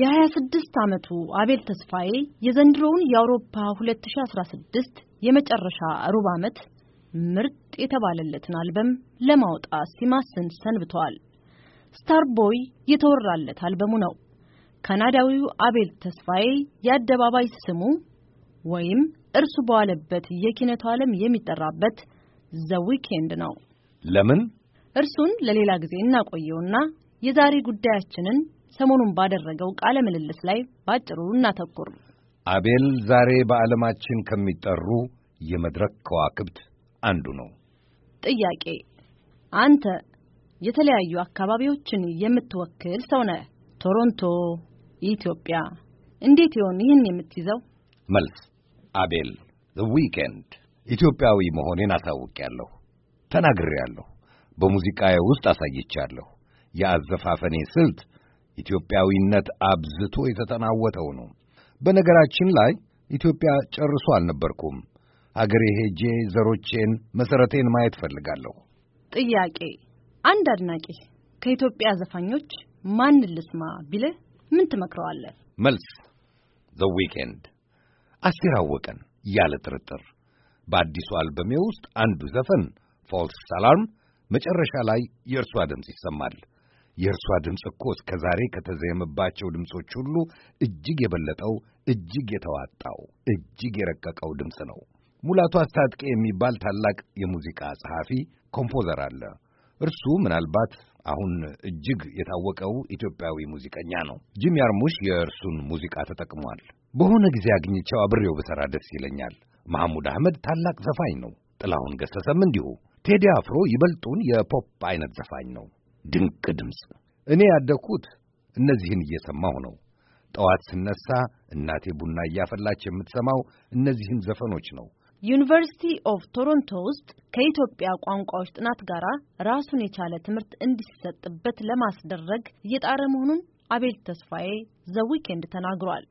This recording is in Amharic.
የ26 ዓመቱ አቤል ተስፋዬ የዘንድሮውን የአውሮፓ 2016 የመጨረሻ ሩብ ዓመት ምርጥ የተባለለትን አልበም ለማውጣት ሲማስን ሰንብተዋል። ስታር ቦይ የተወራለት አልበሙ ነው። ካናዳዊው አቤል ተስፋዬ የአደባባይ ስሙ ወይም እርሱ በዋለበት የኪነቱ ዓለም የሚጠራበት ዘ ዊኬንድ ነው። ለምን እርሱን ለሌላ ጊዜ እናቆየውና የዛሬ ጉዳያችንን ሰሞኑን ባደረገው ቃለ ምልልስ ላይ ባጭሩ እናተኩር። አቤል ዛሬ በዓለማችን ከሚጠሩ የመድረክ ከዋክብት አንዱ ነው። ጥያቄ፣ አንተ የተለያዩ አካባቢዎችን የምትወክል ሰው ነህ። ቶሮንቶ፣ ኢትዮጵያ። እንዴት ይሆን ይህን የምትይዘው? መልስ፣ አቤል ዘ ዊኬንድ ኢትዮጵያዊ መሆኔን ተናግሬ ያለሁ በሙዚቃዬ ውስጥ አሳይቻለሁ። የአዘፋፈኔ ስልት ኢትዮጵያዊነት አብዝቶ የተጠናወተው ነው። በነገራችን ላይ ኢትዮጵያ ጨርሶ አልነበርኩም። አገሬ ሄጄ ዘሮቼን፣ መሠረቴን ማየት ፈልጋለሁ። ጥያቄ አንድ አድናቂ ከኢትዮጵያ ዘፋኞች ማንን ልስማ ቢለ ምን ትመክረዋለህ? መልስ ዘ ዊኬንድ፣ አስቴር አወቀን ያለ ጥርጥር። በአዲሱ አልበሜ ውስጥ አንዱ ዘፈን ፎልስ አላርም መጨረሻ ላይ የእርሷ ድምፅ ይሰማል። የእርሷ ድምፅ እኮ እስከ ዛሬ ከተዘየመባቸው ድምፆች ሁሉ እጅግ የበለጠው፣ እጅግ የተዋጣው፣ እጅግ የረቀቀው ድምፅ ነው። ሙላቱ አስታጥቄ የሚባል ታላቅ የሙዚቃ ጸሐፊ ኮምፖዘር አለ። እርሱ ምናልባት አሁን እጅግ የታወቀው ኢትዮጵያዊ ሙዚቀኛ ነው። ጂም ያርሙሽ የእርሱን ሙዚቃ ተጠቅሟል። በሆነ ጊዜ አግኝቸው አብሬው ብሠራ ደስ ይለኛል። መሐሙድ አህመድ ታላቅ ዘፋኝ ነው። ጥላሁን ገሰሰም እንዲሁ ቴዲ አፍሮ ይበልጡን የፖፕ አይነት ዘፋኝ ነው። ድንቅ ድምፅ። እኔ ያደኩት እነዚህን እየሰማሁ ነው። ጠዋት ስነሳ እናቴ ቡና እያፈላች የምትሰማው እነዚህን ዘፈኖች ነው። ዩኒቨርሲቲ ኦፍ ቶሮንቶ ውስጥ ከኢትዮጵያ ቋንቋዎች ጥናት ጋር ራሱን የቻለ ትምህርት እንዲሰጥበት ለማስደረግ እየጣረ መሆኑን አቤል ተስፋዬ ዘዊኬንድ ተናግሯል።